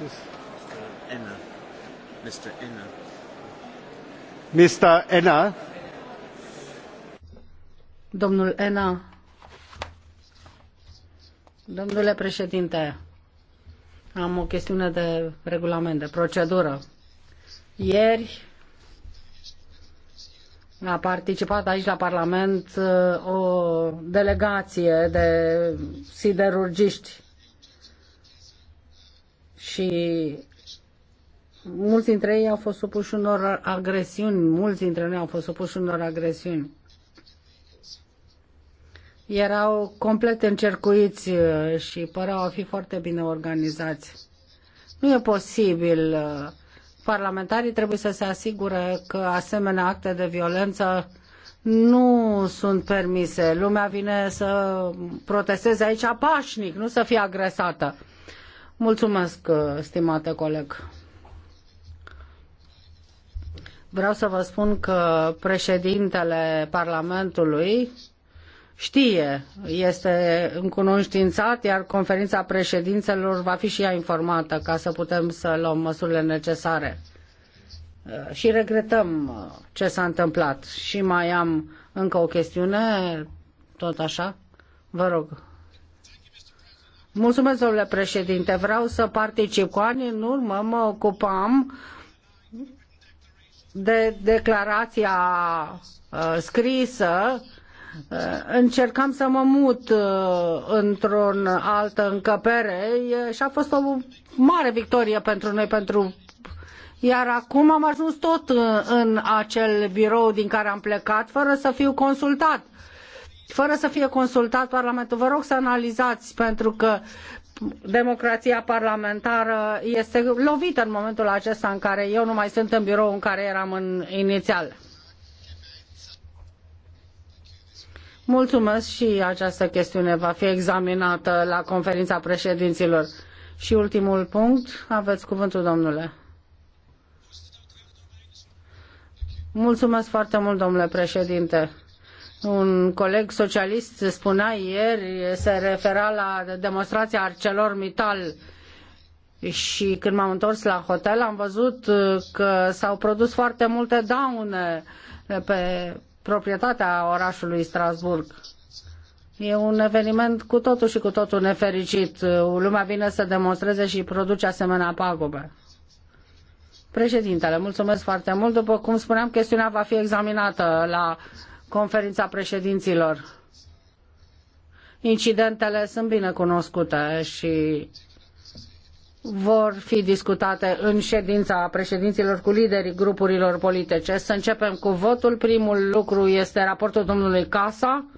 this? Enna. Mr. Enna. Mr. Enna. Domnul Enna. Domnule președinte, am o chestiune de regulament, de procedură. Ieri a participat aici la Parlament uh, o delegație de siderurgiști și mulți dintre ei au fost supuși unor agresiuni, mulți dintre noi au fost supuși unor agresiuni. Erau complet încercuiți uh, și păreau a fi foarte bine organizați. Nu e posibil. Uh, parlamentarii trebuie să se asigure că asemenea acte de violență nu sunt permise. Lumea vine să protesteze aici pașnic, nu să fie agresată. Mulțumesc, uh, stimate coleg. Vreau să vă spun că președintele Parlamentului știe, este încunoștințat, iar conferința președințelor va fi și ea informată ca să putem să luăm măsurile necesare. Uh, și regretăm uh, ce s-a întâmplat. Și mai am încă o chestiune, tot așa. Vă rog. Mulțumesc, domnule președinte. Vreau să particip. Cu ani în urmă mă ocupam de declarația uh, scrisă uh, încercam să mă mut uh, într-o altă încăpere și a fost o mare victorie pentru noi, pentru iar acum am ajuns tot în acel birou din care am plecat fără să fiu consultat fără să fie consultat Parlamentul. Vă rog să analizați, pentru că democrația parlamentară este lovită în momentul acesta în care eu nu mai sunt în birou în care eram în inițial. Mulțumesc și această chestiune va fi examinată la conferința președinților. Și ultimul punct, aveți cuvântul, domnule. Mulțumesc foarte mult, domnule președinte un coleg socialist spunea ieri, se refera la demonstrația ArcelorMittal și când m-am întors la hotel am văzut uh, că s-au produs foarte multe daune pe proprietatea orașului Strasburg. E un eveniment cu totul și cu totul nefericit. Uh, lumea vine să demonstreze și produce asemenea pagube. Președintele, mulțumesc foarte mult. După cum spuneam, chestiunea va fi examinată la conferința președinților. Incidentele sunt bine cunoscute și vor fi discutate în ședința președinților cu liderii grupurilor politice. Să începem cu votul. Primul lucru este raportul domnului Casa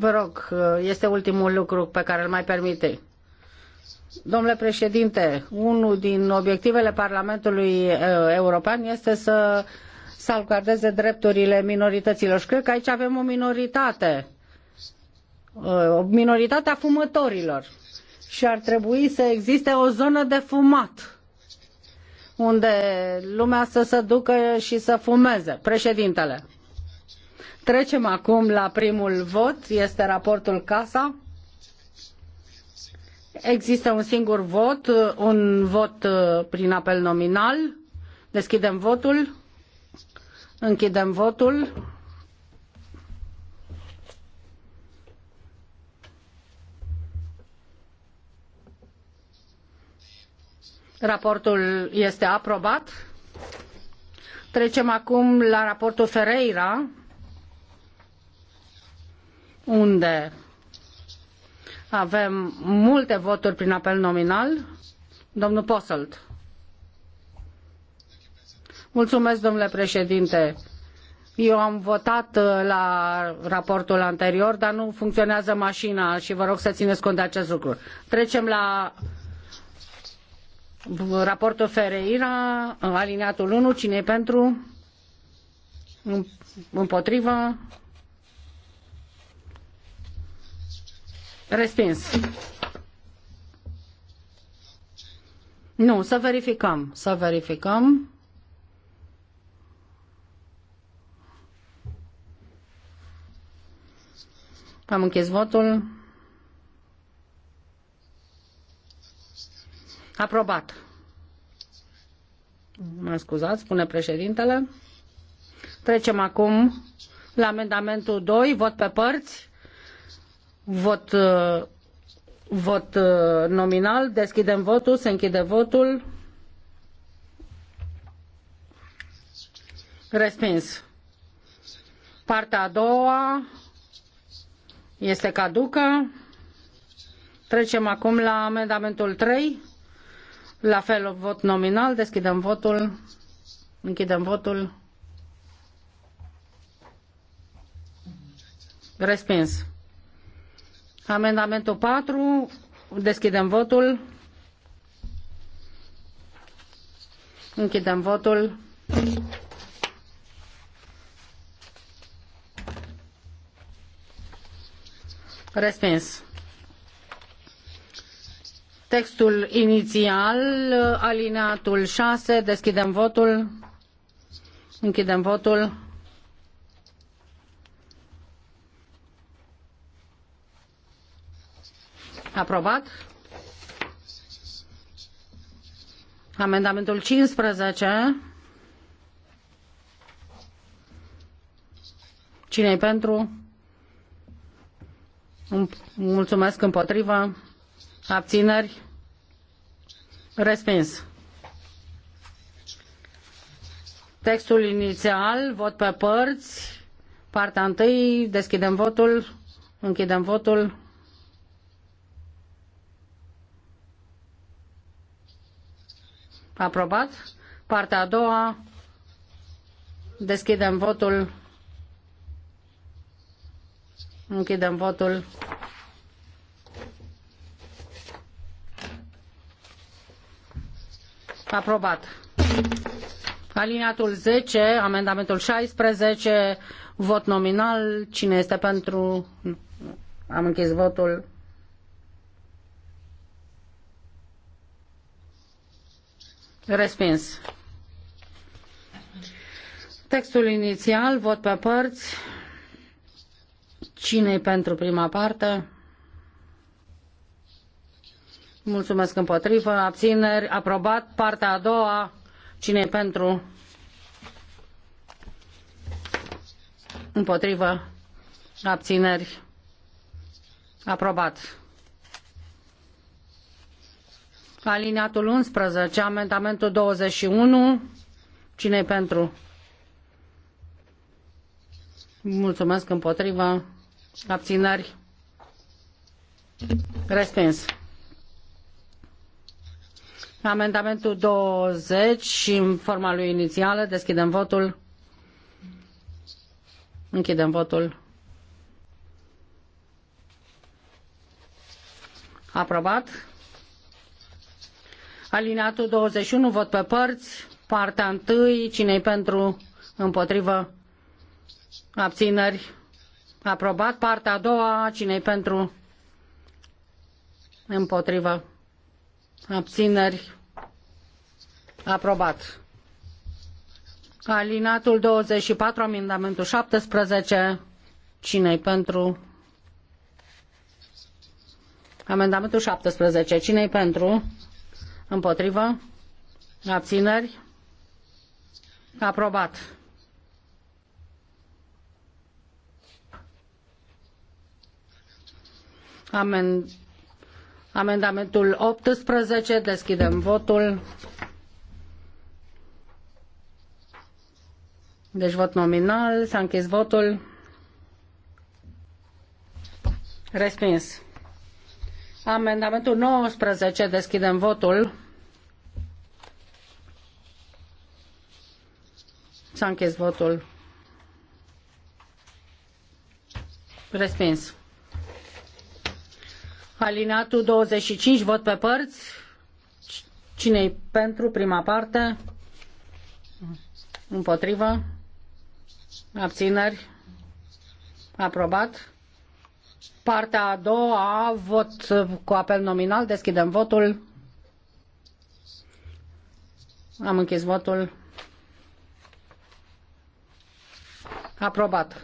Vă rog, este ultimul lucru pe care îl mai permite. Domnule președinte, unul din obiectivele Parlamentului uh, European este să salvgardeze drepturile minorităților. Și cred că aici avem o minoritate, uh, o minoritate a fumătorilor. Și ar trebui să existe o zonă de fumat unde lumea să se ducă și să fumeze. Președintele. Trecem acum la primul vot, este raportul CASA. Există un singur vot, un vot uh, prin apel nominal. Deschidem votul. Închidem votul. Raportul este aprobat. Trecem acum la raportul Ferreira unde avem multe voturi prin apel nominal. Domnul Posselt. Mulțumesc, domnule președinte. Eu am votat uh, la raportul anterior, dar nu funcționează mașina și vă rog să țineți cont de acest lucru. Trecem la raportul Ferreira, alineatul 1. Cine e pentru? Împotrivă? Respins. Nu, să verificăm. Să verificăm. Am închis votul. Aprobat. Mă scuzați, spune președintele. Trecem acum la amendamentul 2, vot pe părți. Vot, uh, vot uh, nominal. Deschidem votul, se închide votul. Respins. Partea a doua este caducă. Trecem acum la amendamentul 3. La fel, vot nominal. Deschidem votul. Închidem votul. Respins. Amendamentul 4, deschidem votul. Închidem votul. Respins. Textul inițial, alineatul 6, deschidem votul. Închidem votul. Aprobat. Amendamentul 15. Cine-i pentru? Mulțumesc împotriva. Abțineri? Respins. Textul inițial, vot pe părți. Partea întâi, deschidem votul, închidem votul. Aprobat. Partea a doua. Deschidem votul. Închidem votul. Aprobat. Aliniatul 10, amendamentul 16, vot nominal. Cine este pentru? Am închis votul. Respins. Textul inițial, vot pe părți. cine pentru prima parte? Mulțumesc împotrivă. Abțineri. Aprobat. Partea a doua. cine pentru? Împotrivă. Abțineri. Aprobat. Alineatul 11, amendamentul 21. Cine-i pentru? Mulțumesc împotriva. Abținări. Respins. Amendamentul 20 și în forma lui inițială deschidem votul. Închidem votul. Aprobat. Alinatul 21, vot pe părți, partea întâi, cine pentru, împotrivă, abțineri, aprobat. Partea a doua, cine pentru, împotrivă, abțineri, aprobat. Alinatul 24, amendamentul 17, cine pentru, Amendamentul 17. cine pentru? Împotrivă? Abțineri? Aprobat. Amend... Amendamentul 18. Deschidem votul. Deci vot nominal. S-a închis votul. Respins. Amendamentul 19. Deschidem votul. s închis votul. Respins. Alinatul 25, vot pe părți. Cine-i pentru prima parte? Împotrivă? Abțineri? Aprobat. Partea a doua, vot cu apel nominal. Deschidem votul. Am închis votul. Aprobat.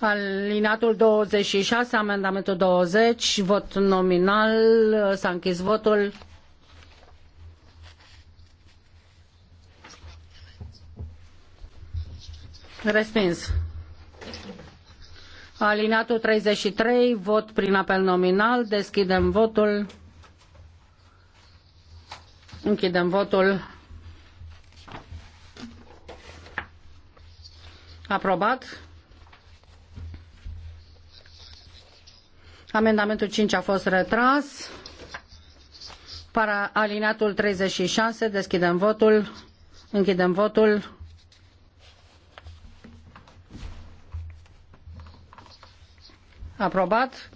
Alinatul 26, amendamentul 20, vot nominal, s-a închis votul. Respins. Alinatul 33, vot prin apel nominal, deschidem votul. Închidem votul. Aprobat. Amendamentul 5 a fost retras. Para alineatul 36, deschidem votul. Închidem votul. Aprobat.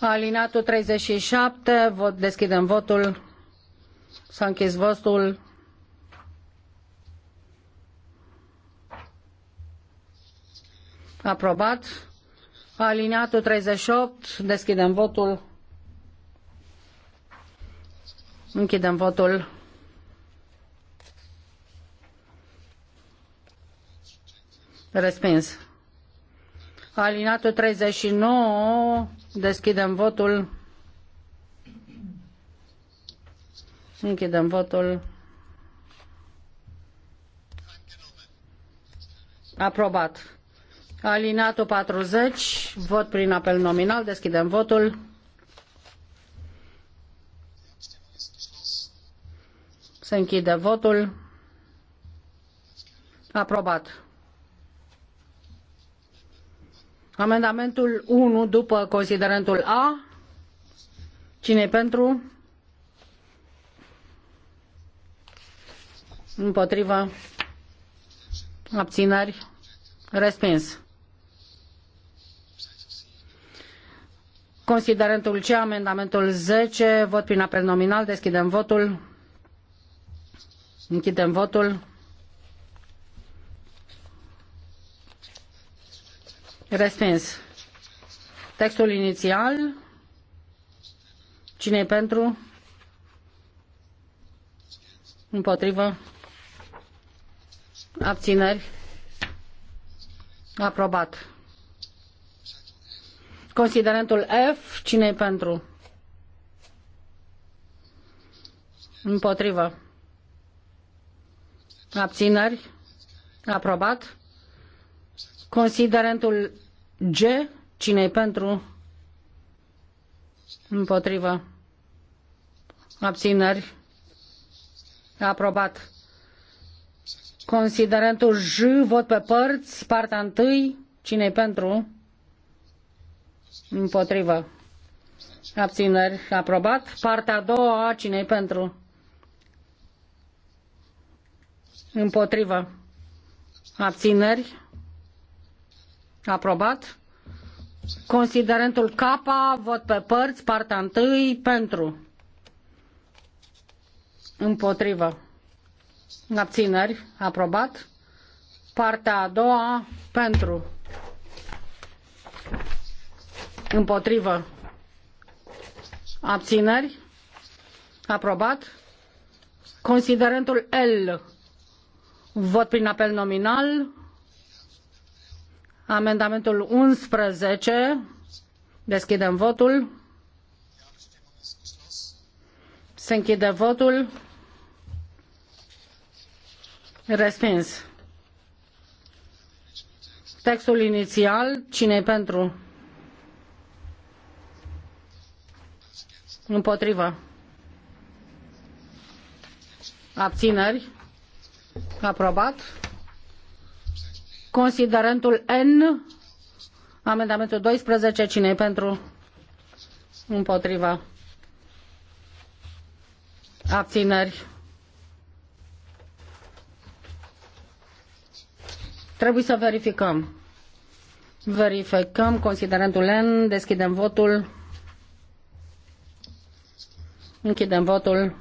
Alinatul 37, vot, deschidem votul. S-a închis votul. Aprobat. Aliniatul 38. Deschidem votul. Închidem votul. Respins. Alinatul 39. Deschidem votul. Închidem votul. Aprobat. Alinatul 40, vot prin apel nominal, deschidem votul. Se închide votul. Aprobat. Amendamentul 1 după considerentul A. cine pentru? Împotrivă? Abțineri? Respins. Considerentul C, amendamentul 10, vot prin apel nominal, deschidem votul. Închidem votul. Respins. Textul inițial. Cine e pentru? Împotrivă? Abțineri? Aprobat. Considerentul F, cine e pentru? Împotrivă. Abțineri. Aprobat. Considerentul G, cine e pentru? Împotrivă. Abțineri. Aprobat. Considerentul J, vot pe părți, partea întâi, cine e pentru? Împotrivă. Abțineri. Aprobat. Partea a doua. Cine-i pentru? Împotrivă. Abțineri. Aprobat. Considerentul capa vot pe părți, partea întâi, pentru. Împotrivă. Abțineri. Aprobat. Partea a doua, pentru. Împotrivă. Abțineri. Aprobat. Considerentul L. Vot prin apel nominal. Amendamentul 11. Deschidem votul. Se închide votul. Respins. Textul inițial, cine pentru? Împotrivă. Abțineri. Aprobat. Considerentul N. Amendamentul 12. Cine pentru? Împotrivă. Abțineri. Trebuie să verificăm. Verificăm considerentul N. Deschidem votul. Închidem votul.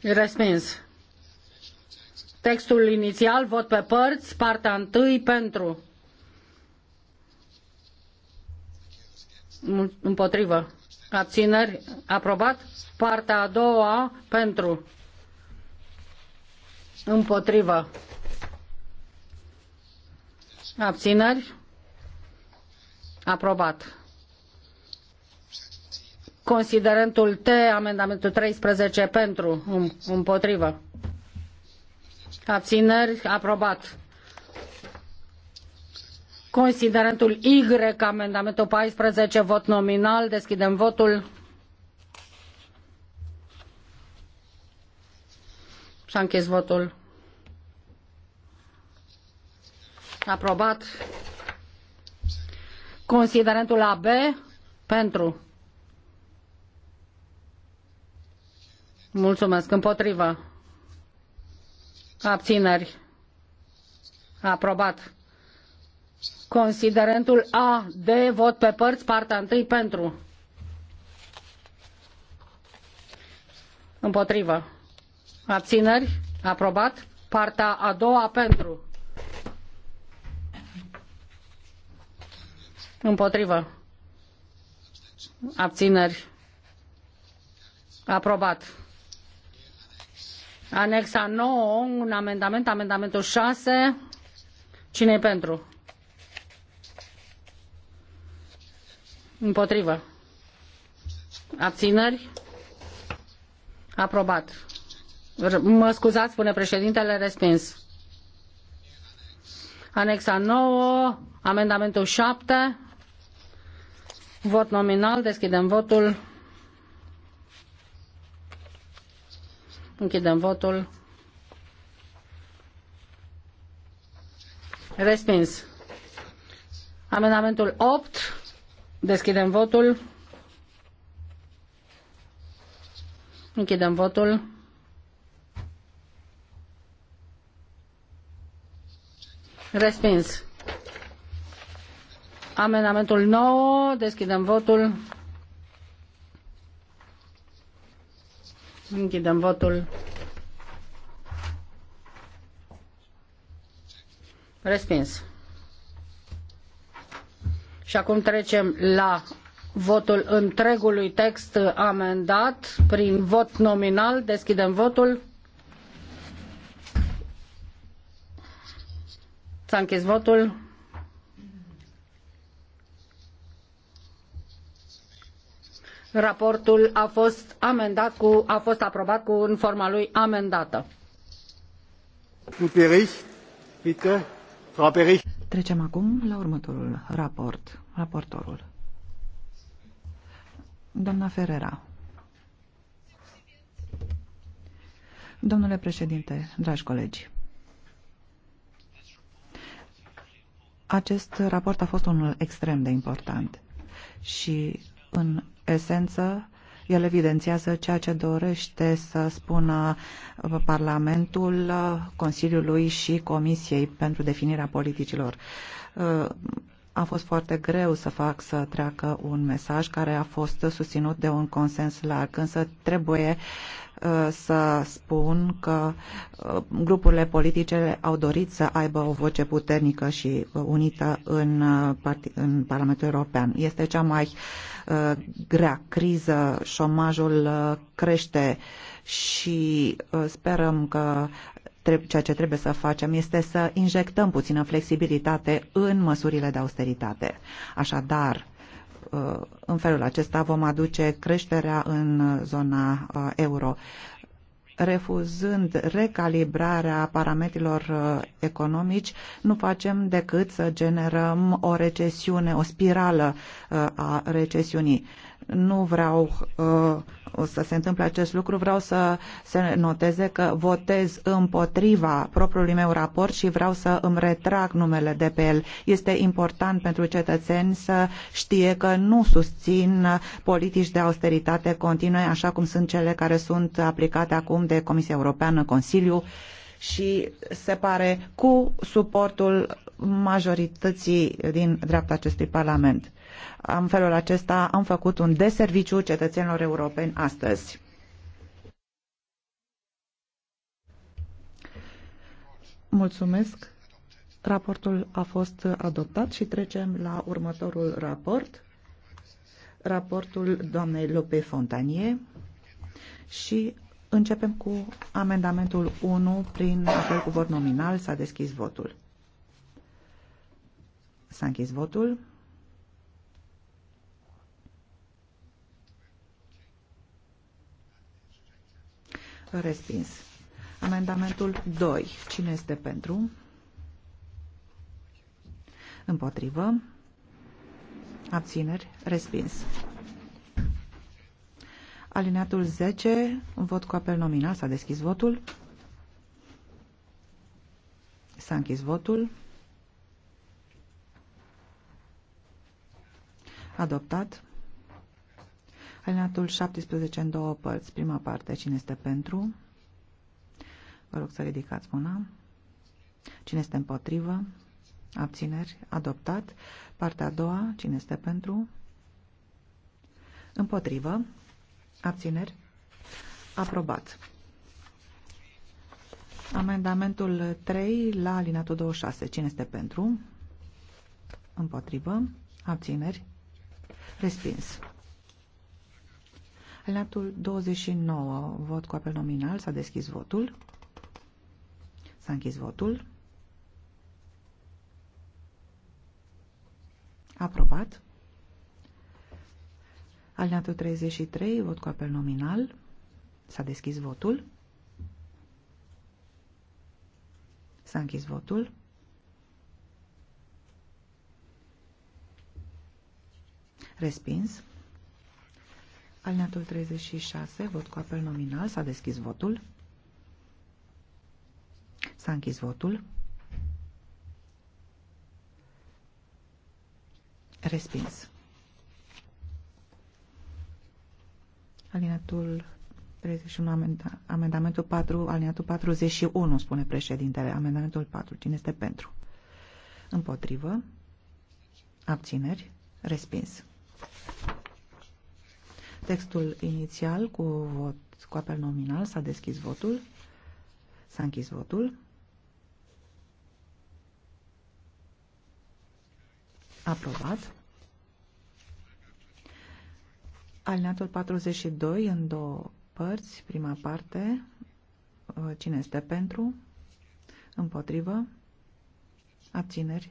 Respins. Textul inițial, vot pe părți, partea întâi pentru. Împotrivă. Abțineri. Aprobat. Partea a doua pentru. Împotrivă. Abțineri. Aprobat. Considerentul T, amendamentul 13 pentru, um, împotrivă. Abțineri, aprobat. Considerentul Y, amendamentul 14, vot nominal, deschidem votul. S-a închis votul. Aprobat. Considerentul AB, pentru, Mulțumesc. Împotrivă. Abțineri. Aprobat. Considerentul A de vot pe părți, partea întâi pentru. Împotrivă. Abțineri. Aprobat. Partea a doua pentru. Împotrivă. Abțineri. Aprobat. Anexa nouă, un amendament, amendamentul 6. cine e pentru? Împotrivă. Abțineri? Aprobat. Mă scuzați, spune președintele, respins. Anexa 9, amendamentul 7, vot nominal, deschidem votul. Închidem votul. Respins. Amendamentul 8. Deschidem votul. Închidem votul. Respins. Amendamentul 9. Deschidem votul. Închidem votul. Respins. Și acum trecem la votul întregului text amendat prin vot nominal. Deschidem votul. S-a închis votul. Raportul a fost, amendat cu, a fost aprobat cu, în forma lui amendată. Trecem acum la următorul raport. Raportorul. Doamna Ferrera. Domnule președinte, dragi colegi, acest raport a fost unul extrem de important și în esență, el evidențiază ceea ce dorește să spună uh, Parlamentul, uh, Consiliului și Comisiei pentru definirea politicilor. Uh, a fost foarte greu să fac să treacă un mesaj care a fost susținut de un consens larg, însă trebuie Uh, să spun că uh, grupurile politice au dorit să aibă o voce puternică și uh, unită în, în Parlamentul European. Este cea mai grea criză, șomajul crește și sperăm că ceea ce trebuie să facem este să injectăm puțină flexibilitate în măsurile de austeritate. Așadar, Uh, în felul acesta vom aduce creșterea în zona uh, euro. Refuzând recalibrarea parametrilor uh, economici, nu facem decât să generăm o recesiune, o spirală a recesiunii nu vreau uh, să se întâmple acest lucru, vreau să se noteze că votez împotriva propriului meu raport și vreau să îmi retrag numele de pe el. Este important pentru cetățeni să știe că nu susțin politici de austeritate continue, așa cum sunt cele care sunt aplicate acum de Comisia Europeană, Consiliu și se pare cu suportul majorității din dreapta acestui Parlament în felul acesta am făcut un deserviciu cetățenilor europeni astăzi. Mulțumesc. Raportul a fost adoptat și trecem la următorul raport. Raportul doamnei Lope Fontanie și începem cu amendamentul 1 prin apel cu vot nominal. S-a deschis votul. S-a închis votul. Respins. Amendamentul 2. Cine este pentru? Împotrivă. Abțineri. Respins. Alineatul 10. Vot cu apel nominal. S-a deschis votul. S-a închis votul. Adoptat. Alinatul 17 în două părți. Prima parte, cine este pentru? Vă rog să ridicați mâna. Cine este împotrivă? Abțineri? Adoptat. Partea a doua, cine este pentru? Împotrivă? Abțineri? Aprobat. Amendamentul 3 la alinatul 26. Cine este pentru? Împotrivă? Abțineri? Respins. Alinatul 29, vot cu apel nominal, s-a deschis votul. S-a închis votul. Aprobat. Alineatul 33, vot cu apel nominal. S-a deschis votul. S-a închis votul. Respins. Alineatul 36, vot cu apel nominal, s-a deschis votul. S-a închis votul. Respins. Alineatul 31, amenda, amendamentul 4, alineatul 41, spune președintele. Amendamentul 4. Cine este pentru? Împotrivă. Abțineri. Respins. Textul inițial cu vot cu apel nominal s-a deschis votul. S-a închis votul. Aprobat. Alineatul 42 în două părți. Prima parte, uh, cine este pentru, împotrivă, abțineri.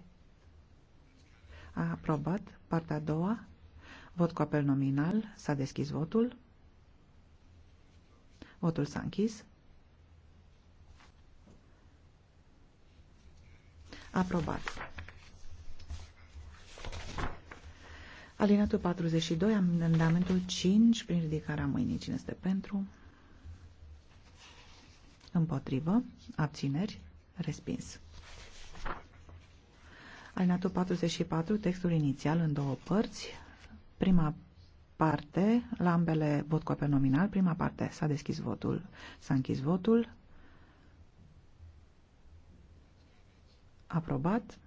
aprobat. Partea a doua, Vot cu apel nominal. S-a deschis votul. Votul s-a închis. Aprobat. Alinatul 42, amendamentul 5, prin ridicarea mâinii. Cine este pentru? Împotrivă. Abțineri. Respins. Alinatul 44, textul inițial în două părți. Prima parte, la ambele vot cu apel nominal, prima parte s-a deschis votul, s-a închis votul, aprobat.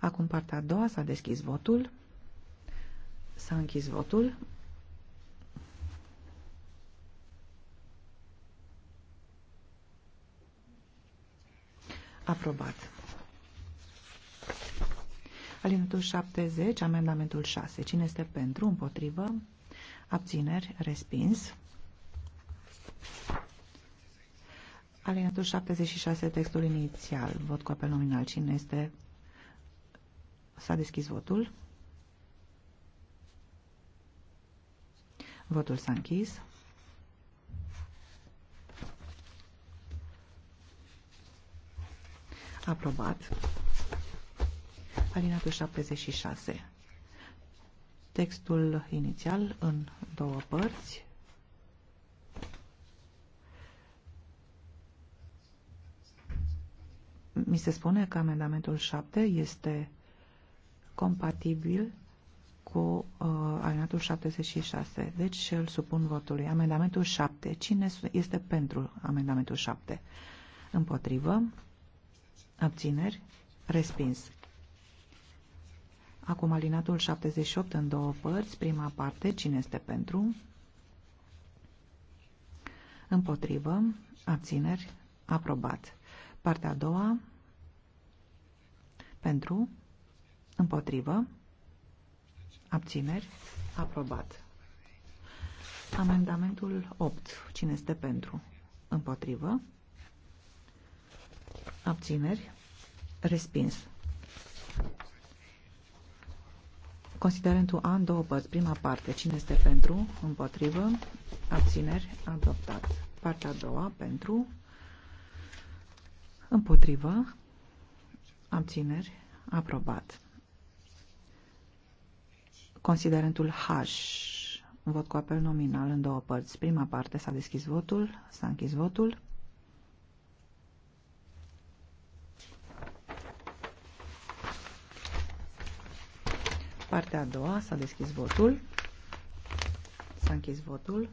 Acum partea a doua s-a deschis votul, s-a închis votul, aprobat. Alinatul 70, amendamentul 6. Cine este pentru? Împotrivă? Abțineri? Respins. Alinatul 76, textul inițial. Vot cu apel nominal. Cine este? S-a deschis votul. Votul s-a închis. Aprobat alinatul 76. Textul inițial în două părți. Mi se spune că amendamentul 7 este compatibil cu uh, alinatul 76. Deci îl supun votului. Amendamentul 7. Cine este pentru amendamentul 7? Împotrivă? Abțineri? Respins. Acum alinatul 78 în două părți, prima parte, cine este pentru? Împotrivă, abțineri, aprobat. Partea a doua, pentru, împotrivă, abțineri, aprobat. Amendamentul 8, cine este pentru? Împotrivă, abțineri, respins. Considerentul A în două părți. Prima parte, cine este pentru, împotrivă, abțineri, adoptat. Partea a doua, pentru, împotrivă, abțineri, aprobat. Considerentul H, vot cu apel nominal în două părți. Prima parte s-a deschis votul, s-a închis votul. Partea a doua, s-a deschis votul. S-a închis votul.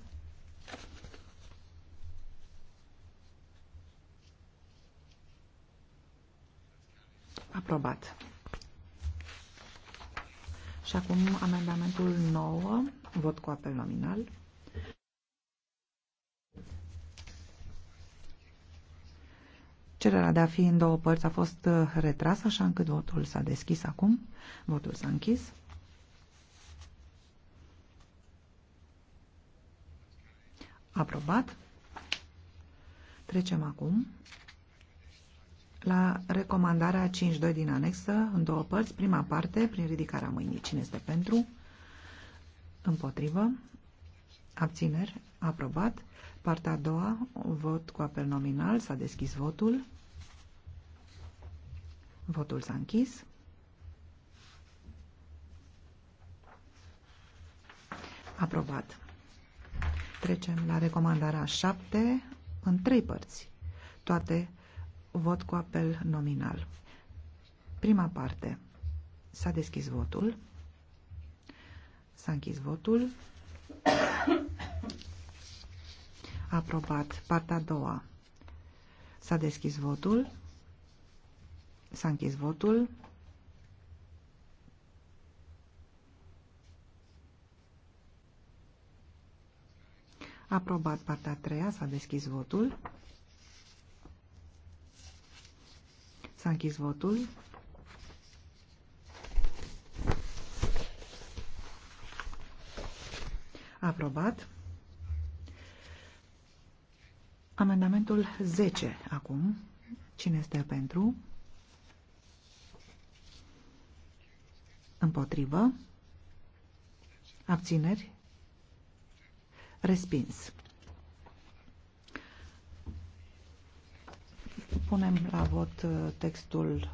Aprobat. Și acum amendamentul 9, vot cu apel nominal. Cererea de a fi în două părți a fost retrasă, așa încât votul s-a deschis acum. Votul s-a închis. Aprobat. Trecem acum la recomandarea 5.2 din anexă, în două părți. Prima parte, prin ridicarea mâinii. Cine este pentru? Împotrivă. Abțineri. Aprobat. Partea a doua, vot cu apel nominal. S-a deschis votul. Votul s-a închis. Aprobat. Trecem la recomandarea 7 în trei părți. Toate vot cu apel nominal. Prima parte. S-a deschis votul. S-a închis votul. Aprobat. Partea a doua. S-a deschis votul. S-a închis votul. Aprobat partea a treia, s-a deschis votul. S-a închis votul. Aprobat. Amendamentul 10 acum. Cine este pentru? Împotrivă. Abțineri. Respins. Punem la vot uh, textul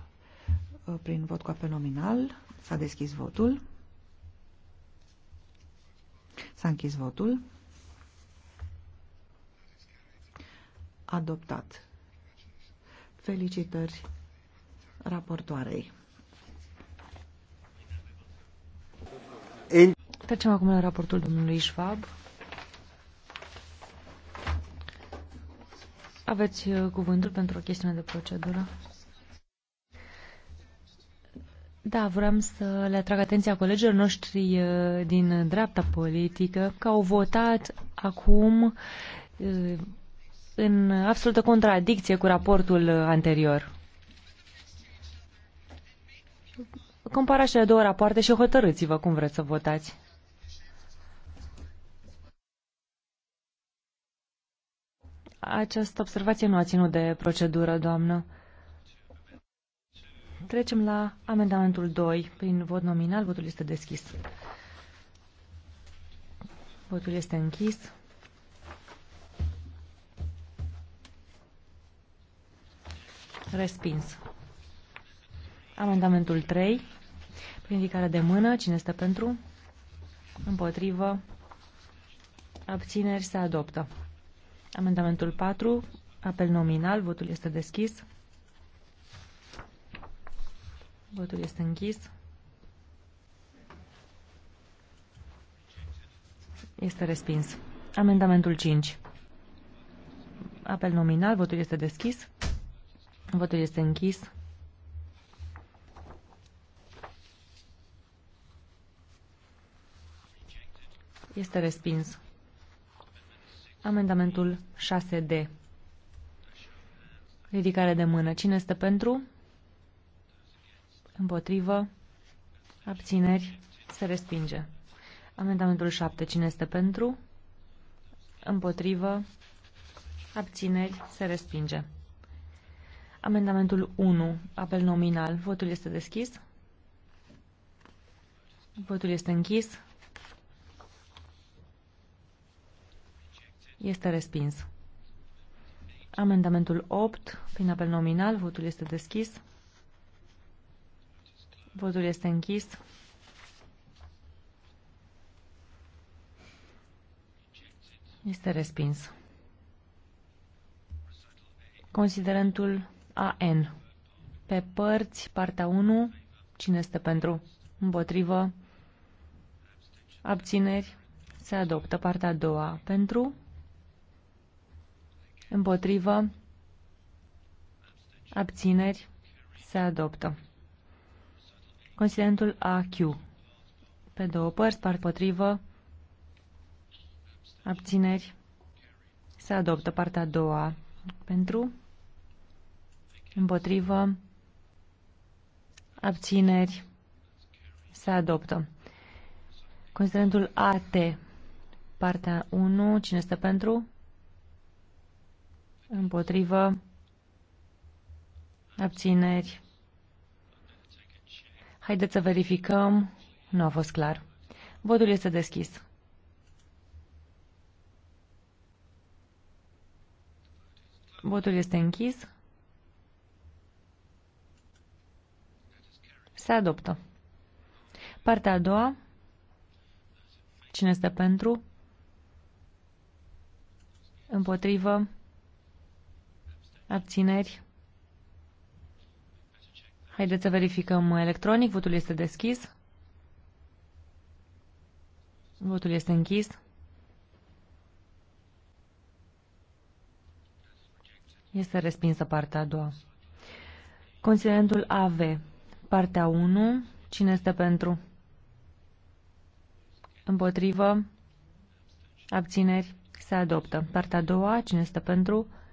uh, prin vot cu apel nominal. S-a deschis votul. S-a închis votul. Adoptat. Felicitări raportoarei. Trecem acum la raportul domnului Schwab. Aveți uh, cuvântul pentru o chestiune de procedură. Da, vreau să le atrag atenția colegilor noștri uh, din dreapta politică că au votat acum uh, în absolută contradicție cu raportul anterior. Comparați cele două rapoarte și hotărâți-vă cum vreți să votați. Această observație nu a ținut de procedură, doamnă. Trecem la amendamentul 2. Prin vot nominal, votul este deschis. Votul este închis. Respins. Amendamentul 3. Prin indicare de mână, cine este pentru? Împotrivă. Abțineri se adoptă. Amendamentul 4, apel nominal, votul este deschis. Votul este închis. Este respins. Amendamentul 5. Apel nominal, votul este deschis. Votul este închis. Este respins. Amendamentul 6D. Ridicare de mână. Cine este pentru? Împotrivă? Abțineri? Se respinge. Amendamentul 7. Cine este pentru? Împotrivă? Abțineri? Se respinge. Amendamentul 1. Apel nominal. Votul este deschis. Votul este închis. Este respins. Amendamentul 8, prin apel nominal, votul este deschis. Votul este închis. Este respins. Considerentul AN. Pe părți, partea 1, cine este pentru? Împotrivă? Abțineri? Se adoptă partea a doua. Pentru? Împotrivă. Abțineri. Se adoptă. Considentul AQ. Pe două părți, par potrivă. Abțineri. Se adoptă partea a doua. Pentru. Împotrivă. Abțineri. Se adoptă. Considentul AT. Partea 1. Cine este pentru? Împotrivă. Abțineri. Haideți să verificăm. Nu a fost clar. Votul este deschis. Votul este închis. Se adoptă. Partea a doua. Cine este pentru? Împotrivă. Abțineri? Haideți să verificăm electronic. Votul este deschis. Votul este închis. Este respinsă partea a doua. Considerentul AV, partea 1. Cine este pentru? Împotrivă? Abțineri? Se adoptă. Partea a doua. Cine este pentru? Pentru?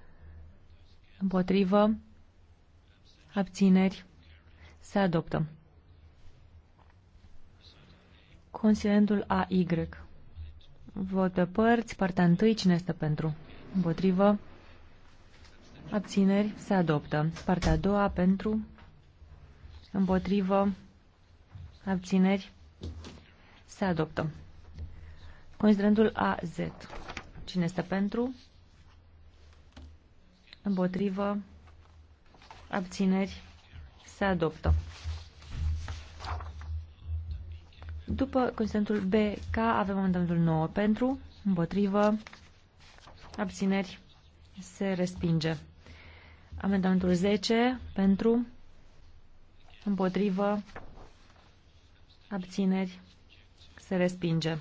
Împotrivă. Abțineri. Se adoptă. Consilentul AY. Vot pe părți. Partea întâi. Cine este pentru? Împotrivă. Abțineri. Se adoptă. Partea a doua. Pentru. Împotrivă. Abțineri. Se adoptă. Considerentul AZ. Cine este pentru? împotrivă, abțineri, se adoptă. După consentul BK avem amendamentul 9 pentru, împotrivă, abțineri, se respinge. Amendamentul 10 pentru, împotrivă, abțineri, se respinge.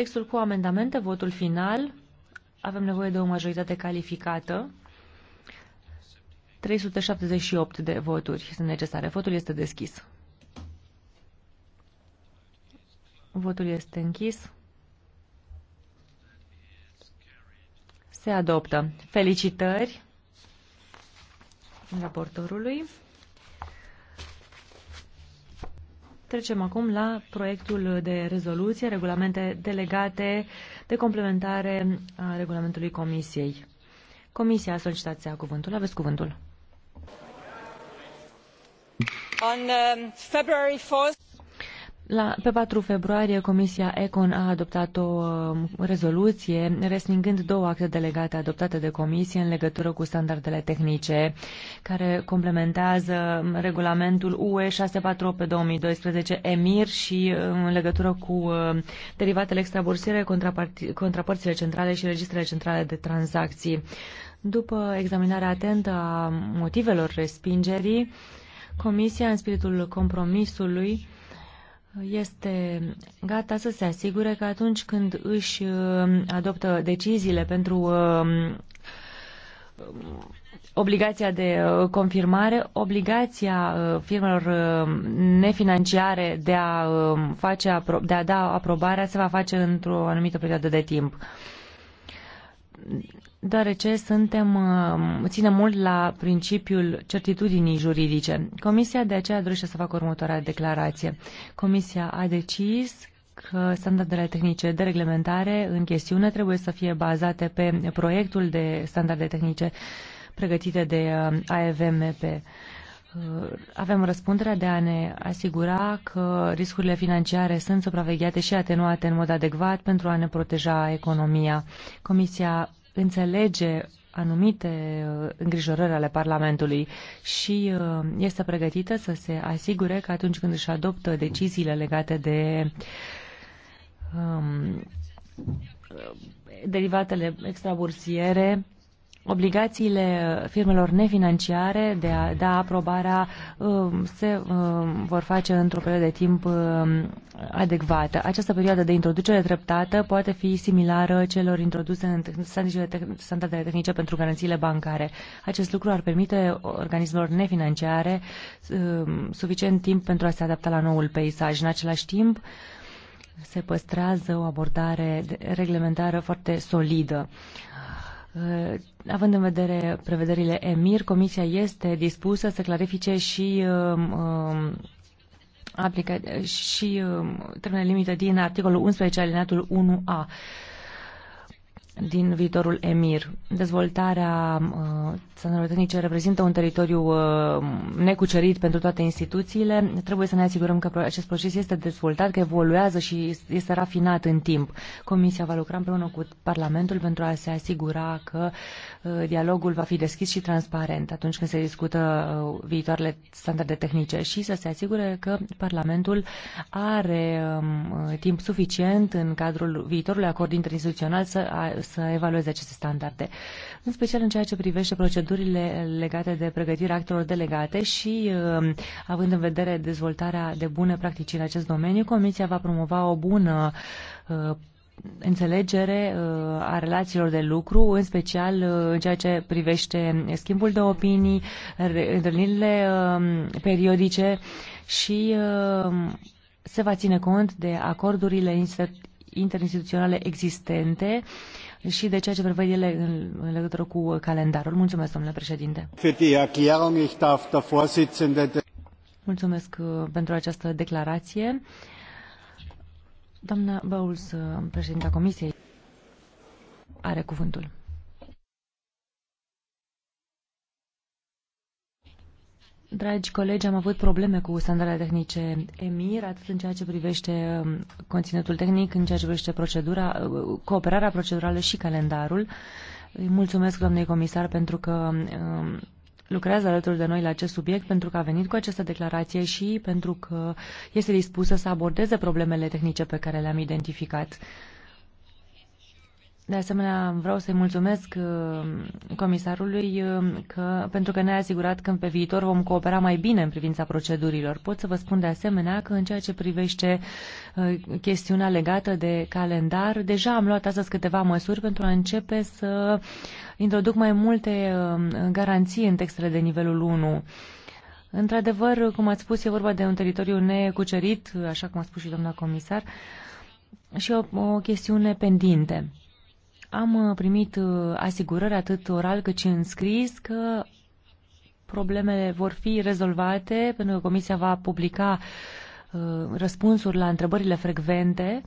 Textul cu amendamente, votul final, avem nevoie de o majoritate calificată. 378 de voturi sunt necesare. Votul este deschis. Votul este închis. Se adoptă. Felicitări raportorului. Trecem acum la proiectul de rezoluție, regulamente delegate de complementare a regulamentului Comisiei. Comisia a solicitat să cuvântul. Aveți cuvântul. On, um, February 4 la, pe 4 februarie, Comisia ECON a adoptat o um, rezoluție respingând două acte delegate adoptate de Comisie în legătură cu standardele tehnice care complementează um, regulamentul UE 648 pe 2012 EMIR și um, în legătură cu derivatele extrabursiere, contrapărțile centrale și registrele centrale de tranzacții. După examinarea atentă a motivelor respingerii, Comisia, în spiritul compromisului, este gata să se asigure că atunci când își uh, adoptă deciziile pentru uh, obligația de uh, confirmare, obligația firmelor nefinanciare de a, um, face, de a da aprobarea se va face într-o anumită perioadă de timp deoarece suntem, uh, ținem mult la principiul certitudinii juridice. Comisia de aceea dorește să facă următoarea declarație. Comisia a decis că standardele tehnice de reglementare în chestiune trebuie să fie bazate pe proiectul de standarde tehnice pregătite de uh, AEVMP. Uh, avem răspunderea de a ne asigura că riscurile financiare sunt supravegheate și atenuate în mod adecvat pentru a ne proteja economia. Comisia înțelege anumite uh, îngrijorări ale Parlamentului și uh, este pregătită să se asigure că atunci când își adoptă deciziile legate de um, derivatele extrabursiere, Obligațiile firmelor nefinanciare de a da aprobarea um, se um, vor face într-o perioadă de timp um, adecvată. Această perioadă de introducere treptată poate fi similară celor introduse în standardele tehnice pentru garanțiile bancare. Acest lucru ar permite organismelor nefinanciare suficient timp pentru a se adapta la noul peisaj. În același timp, se păstrează o abordare reglementară foarte solidă. Uh, având în vedere prevederile EMIR, Comisia este dispusă să clarifice și um, um, aplică și um, termenele limită din articolul 11 alineatul 1A din viitorul Emir. Dezvoltarea uh, țărilor tehnice reprezintă un teritoriu uh, necucerit pentru toate instituțiile. Trebuie să ne asigurăm că acest proces este dezvoltat, că evoluează și este rafinat în timp. Comisia va lucra împreună cu Parlamentul pentru a se asigura că uh, dialogul va fi deschis și transparent atunci când se discută uh, viitoarele standarde tehnice și să se asigure că Parlamentul are um, uh, timp suficient în cadrul viitorului acord interinstituțional să a, să evalueze aceste standarde, în special în ceea ce privește procedurile legate de pregătirea actelor delegate și um, având în vedere dezvoltarea de bune practici în acest domeniu, Comisia va promova o bună uh, înțelegere uh, a relațiilor de lucru, în special uh, în ceea ce privește schimbul de opinii, întâlnirile um, periodice și um, se va ține cont de acordurile interinstituționale existente și de ceea ce prevede ele în, în legătură cu calendarul. Mulțumesc, domnule președinte. Mulțumesc uh, pentru această declarație. Doamna Bowles, uh, președinta Comisiei, are cuvântul. Dragi colegi, am avut probleme cu standardele tehnice EMIR, atât în ceea ce privește um, conținutul tehnic, în ceea ce privește procedura, uh, cooperarea procedurală și calendarul. Îi mulțumesc, doamnei comisar, pentru că um, lucrează alături de noi la acest subiect, pentru că a venit cu această declarație și pentru că este dispusă să abordeze problemele tehnice pe care le-am identificat. De asemenea, vreau să-i mulțumesc uh, comisarului uh, că, pentru că ne-a asigurat că pe viitor vom coopera mai bine în privința procedurilor. Pot să vă spun de asemenea că în ceea ce privește uh, chestiunea legată de calendar, deja am luat astăzi câteva măsuri pentru a începe să introduc mai multe garanții în textele de nivelul 1. Într-adevăr, cum ați spus, e vorba de un teritoriu necucerit, așa cum a spus și doamna comisar, și o, o chestiune pendinte. Am uh, primit uh, asigurări atât oral cât și în scris că problemele vor fi rezolvate pentru că Comisia va publica uh, răspunsuri la întrebările frecvente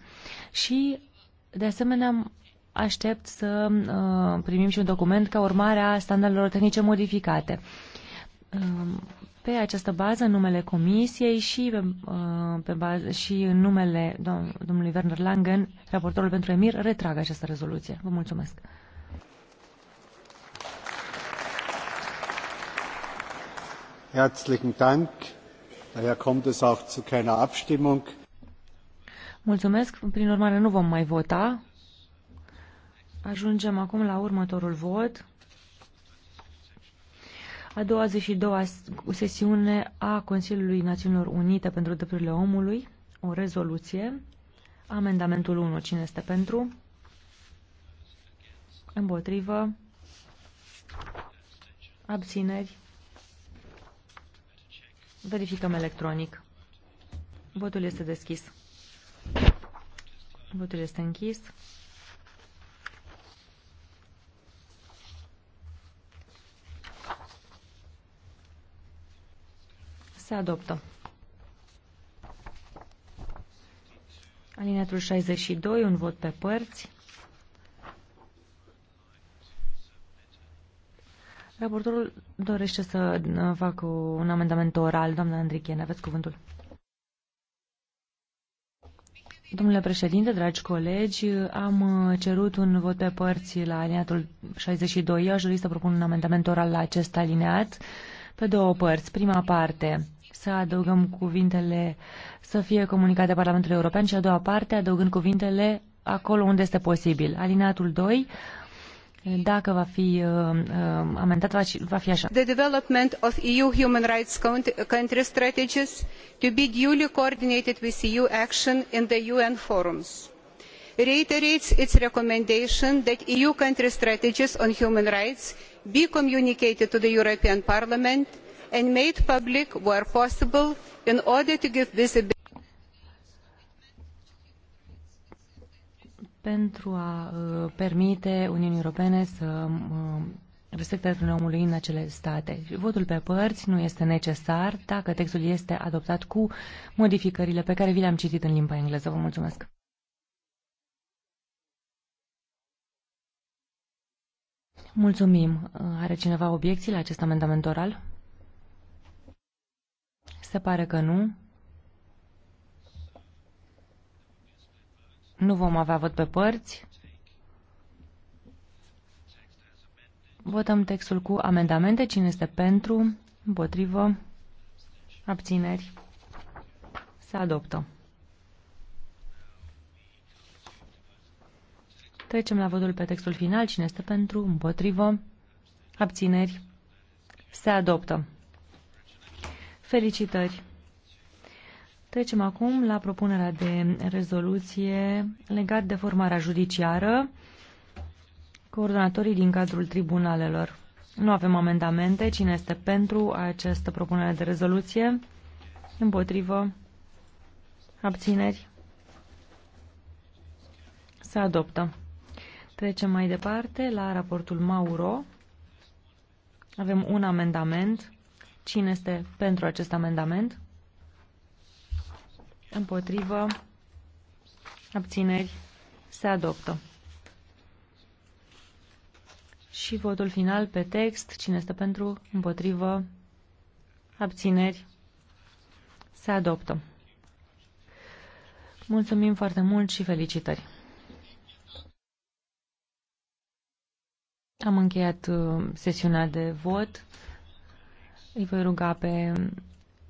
și de asemenea aștept să primim și un document ca urmare a standardelor tehnice modificate. Pe această bază, numele Comisiei și, pe, uh, pe bază, și în numele domnului Werner Langen, raportorul pentru EMIR, retrag această rezoluție. Vă mulțumesc. Herzlichen Dank. Daher kommt es auch zu keiner Abstimmung. Mulțumesc. Prin urmare, nu vom mai vota. Ajungem acum la următorul vot a 22-a sesiune a Consiliului Națiunilor Unite pentru Drepturile Omului, o rezoluție, amendamentul 1, cine este pentru, împotrivă, abțineri, verificăm electronic. Votul este deschis. Votul este închis. Se adoptă. Alineatul 62, un vot pe părți. Raportorul dorește să uh, facă un amendament oral. Doamna Andrichien, aveți cuvântul. Domnule președinte, dragi colegi, am uh, cerut un vot pe părți la alineatul 62. Eu aș dori să propun un amendament oral la acest alineat pe două părți. Prima parte, să adăugăm cuvintele să fie comunicate Parlamentul European și a doua parte adăugând cuvintele acolo unde este posibil. Alineatul 2 dacă va fi uh, uh amendat, va, va fi așa. The development of EU human rights country strategies to be duly coordinated with EU action in the UN forums reiterates its recommendation that EU country strategies on human rights be communicated to the European Parliament and made public where possible in order to give visibility pentru a uh, permite Uniunii Europene să um, respecte drepturile omului în acele state. Votul pe părți nu este necesar dacă textul este adoptat cu modificările pe care vi le-am citit în limba engleză. Vă mulțumesc! Mulțumim. Are cineva obiecții la acest amendament oral? Se pare că nu. Nu vom avea vot pe părți. Votăm textul cu amendamente. Cine este pentru? Împotrivă? Abțineri? Se adoptă. Trecem la votul pe textul final. Cine este pentru? Împotrivă? Abțineri? Se adoptă. Felicitări! Trecem acum la propunerea de rezoluție legat de formarea judiciară, coordonatorii din cadrul tribunalelor. Nu avem amendamente. Cine este pentru această propunere de rezoluție? Împotrivă? Abțineri? Se adoptă. Trecem mai departe la raportul Mauro. Avem un amendament Cine este pentru acest amendament? Împotrivă. Abțineri. Se adoptă. Și votul final pe text. Cine este pentru? Împotrivă. Abțineri. Se adoptă. Mulțumim foarte mult și felicitări! Am încheiat uh, sesiunea de vot. Îi voi ruga pe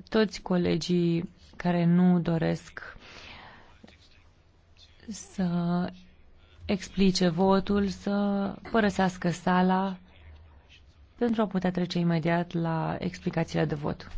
toți colegii care nu doresc să explice votul, să părăsească sala pentru a putea trece imediat la explicațiile de vot.